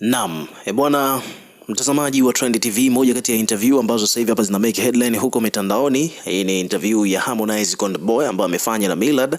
Naam, e bwana Mtazamaji wa Trend TV, moja kati ya interview ambazo sasa hivi hapa zina make headline huko mitandaoni. Hii ni interview ya Harmonize Konde Boy ambayo amefanya na Millard.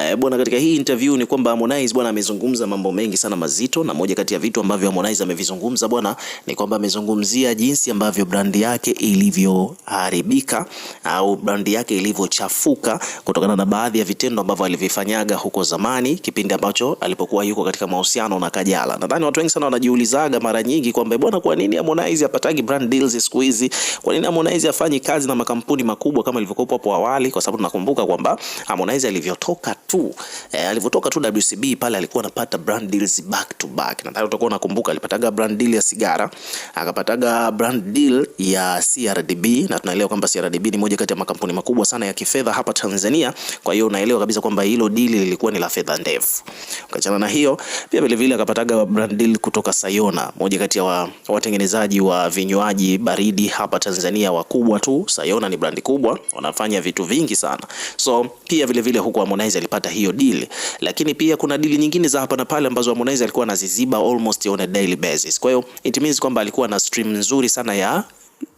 Eh, bwana, katika hii interview ni kwamba Harmonize bwana amezungumza mambo mengi sana mazito, na moja kati ya vitu ambavyo Harmonize amevizungumza bwana ni kwamba amezungumzia jinsi ambavyo brandi yake ilivyoharibika au brandi yake ilivyochafuka kutokana na baadhi ya vitendo ambavyo alivifanyaga huko zamani, kipindi ambacho alipokuwa yuko katika mahusiano na Kajala. Nadhani watu wengi sana wanajiulizaga mara nyingi kwamba bwana, kwa nini nini Harmonize apatagi brand deals siku hizi? Kwa nini Harmonize afanyi kazi na makampuni makubwa kama ilivyokuwa hapo awali? Kwa sababu tunakumbuka kwamba Harmonize alivyotoka tu eh, alivyotoka tu WCB pale alikuwa anapata brand deals back to back. Nadhani utakuwa unakumbuka alipataga brand deal ya sigara, akapataga brand deal ya CRDB, na tunaelewa kwamba CRDB ni moja kati ya makampuni makubwa sana ya kifedha hapa Tanzania. Kwa hiyo unaelewa kabisa kwamba hilo deal lilikuwa ni la fedha ndefu. Ukachana na hiyo pia vile vile akapataga brand deal kutoka Sayona, moja kati ya watengenezaji watengenezaji wa vinywaji baridi hapa Tanzania wakubwa tu. Sayona ni brandi kubwa, wanafanya vitu vingi sana. So pia vile vile huko Harmonize alipata hiyo deal, lakini pia kuna deal nyingine za hapa na pale ambazo Harmonize alikuwa anaziziba almost on a daily basis. Kwa hiyo it means kwamba alikuwa na stream nzuri sana ya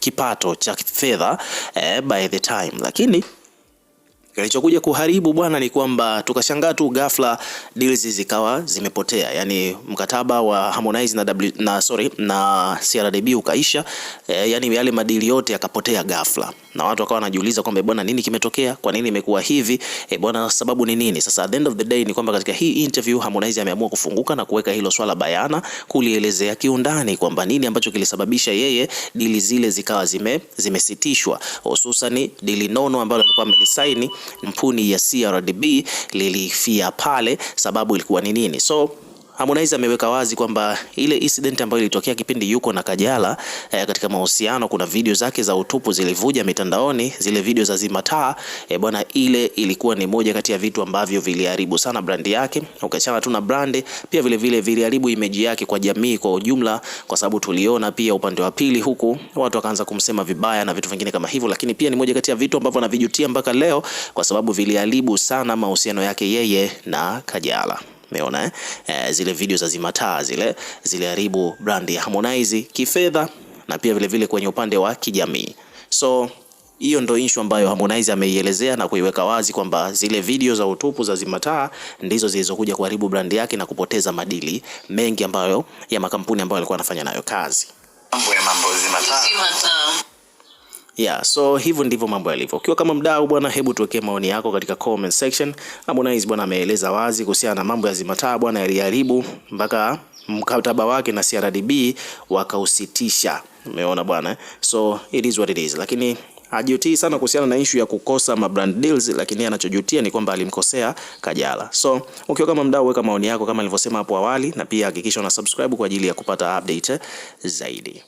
kipato cha fedha eh, by the time lakini Kilichokuja kuharibu bwana ni kwamba tukashangaa tu ghafla deals zikawa zimepotea, yani mkataba wa Harmonize na, w, na, sorry, na CRDB ukaisha e, yani yale madili yote yakapotea ghafla, na watu wakawa wanajiuliza kwamba bwana, nini kimetokea? Kwa nini imekuwa hivi? E, bwana, sababu ni nini? Sasa at the end of the day ni kwamba katika hii interview Harmonize ameamua kufunguka na kuweka hilo swala bayana, kulielezea kiundani kwamba nini ambacho kilisababisha yeye dili zile zikawa zimesitishwa, hususan dili nono ambalo alikuwa amelisaini kampuni ya CRDB lilifia pale, sababu ilikuwa ni nini? So Harmonize ameweka wazi kwamba ile incident ambayo ilitokea kipindi yuko na Kajala eh, katika mahusiano, kuna video zake za utupu zilivuja mitandaoni, zile video za zimataa eh, bwana, ile ilikuwa ni moja kati ya vitu ambavyo viliharibu sana brandi yake. Ukiachana tu na brandi, pia vile vile viliharibu imeji yake kwa jamii kwa ujumla, kwa sababu tuliona pia upande wa pili huku watu wakaanza kumsema vibaya na vitu vingine kama hivyo, lakini pia ni moja kati ya vitu ambavyo anavijutia mpaka leo, kwa sababu viliharibu sana mahusiano yake yeye na Kajala. Umeona eh? Eh, zile video za zimataa zile ziliharibu brandi ya Harmonize kifedha na pia vilevile vile kwenye upande wa kijamii. So hiyo ndo issue ambayo Harmonize ameielezea na kuiweka wazi kwamba zile video za utupu za zimataa ndizo zilizokuja kuharibu brandi yake na kupoteza madili mengi ambayo ya makampuni ambayo alikuwa anafanya nayo kazi. Mambo ya mambo zimataa Yeah, so hivyo ndivyo mambo yalivyo. Ukiwa kama mdau bwana, hebu tuwekee maoni yako katika comment section. Harmonize bwana ameeleza wazi kuhusiana na mambo ya Zimataa bwana yaliharibu mpaka mkataba wake na CRDB wakausitisha. Umeona bwana, eh? so it is what it is, lakini hajutii sana kuhusiana na ishu ya kukosa mabrand deals, lakini anachojutia ni kwamba alimkosea Kajala. So ukiwa kama mdau, weka maoni yako kama nilivyosema hapo awali, na pia hakikisha una subscribe kwa ajili ya kupata update zaidi.